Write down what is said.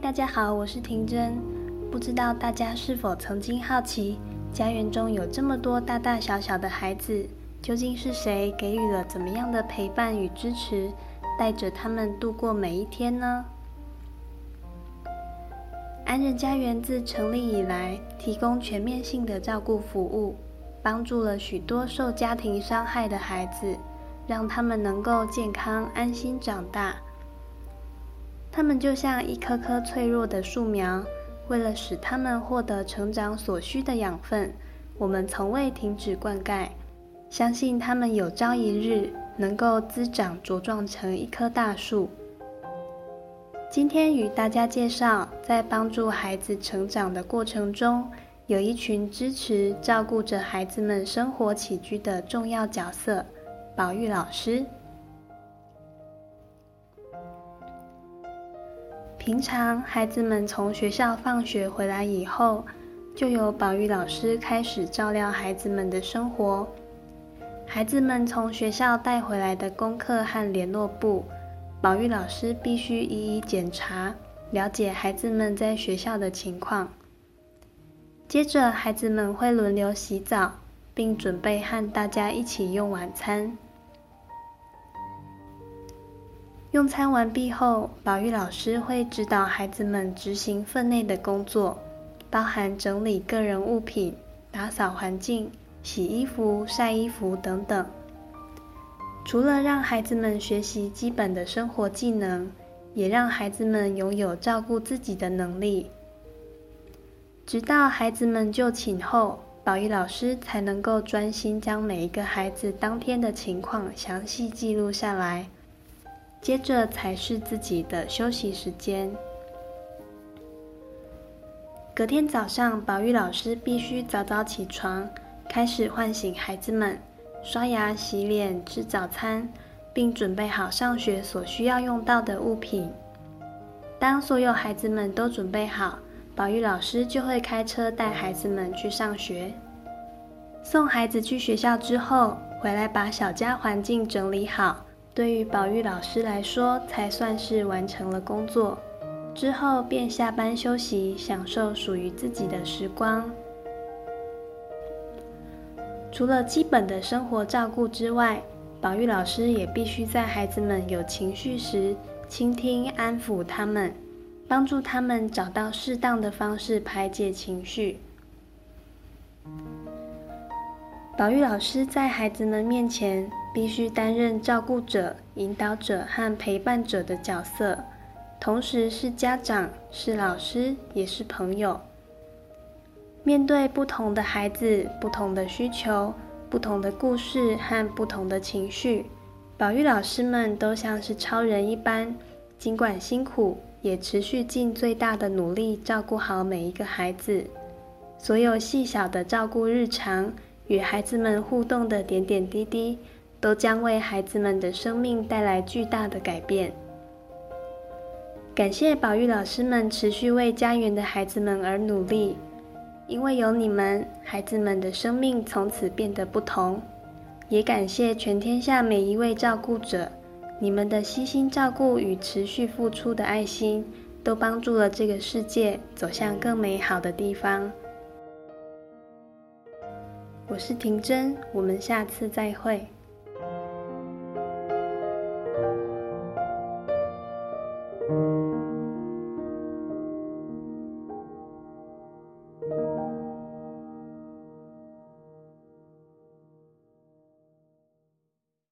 大家好，我是婷真，不知道大家是否曾經好奇，家園中有這麼多大大小小的孩子，究竟是誰給予了怎麼樣的陪伴與支持，帶着他們度過每一天呢？安仁家園自成立以來，提供全面性的照顧服務，幫助了許多受家庭傷害的孩子，讓他們能夠健康安心長大。他們就像一棵棵脆弱的樹苗，為了使他們獲得成長所需的養分，我們從未停止灌溉，相信他們有朝一日能夠滋長茁壯成一棵大樹。今天與大家介紹，在幫助孩子成長的過程中，有一群支持、照顧着孩子們生活起居的重要角色——保育老師。平常，孩子們從學校放學回來以後，就由保育老師開始照料孩子們的生活。孩子們從學校帶回來的功課和聯絡簿，保育老師必須一一檢查，了解孩子們在學校的情況。接着，孩子們會輪流洗澡，並準備和大家一起用晚餐。用餐完畢後，保育老師會指導孩子們執行分內的工作，包含整理個人物品、打掃環境、洗衣服、曬衣服等等。除了讓孩子們學習基本的生活技能，也讓孩子們擁有照顧自己的能力。直到孩子們就寢後，保育老師才能夠專心將每一個孩子當天的情況詳細記錄下來。接着才是自己的休息時間。隔天早上，保育老師必須早早起床，開始喚醒孩子們，刷牙、洗臉、吃早餐，並準備好上學所需要用到的物品。當所有孩子們都準備好，保育老師就會開車帶孩子們去上學。送孩子去學校之後，回來把小家環境整理好。對於保育老師來說，才算是完成了工作，之後便下班休息，享受屬於自己的時光。除了基本的生活照顧之外，保育老師也必須在孩子們有情緒時傾聽、安撫他們，幫助他們找到適當的方式排解情緒。保育老師在孩子們面前，必須擔任照顧者、引導者和陪伴者的角色，同時是家長、是老師，也是朋友。面對不同的孩子、不同的需求、不同的故事和不同的情緒，保育老師們都像是超人一般，儘管辛苦，也持續盡最大的努力照顧好每一個孩子。所有細小的照顧日常，與孩子們互動的點點滴滴。都將為孩子們的生命帶來巨大的改變。感謝保育老師們持續為家園的孩子們而努力，因為有你們，孩子們的生命從此變得不同。也感謝全天下每一位照顧者，你們的悉心照顧與持續付出的愛心，都幫助了這個世界走向更美好的地方。我是婷真，我們下次再會。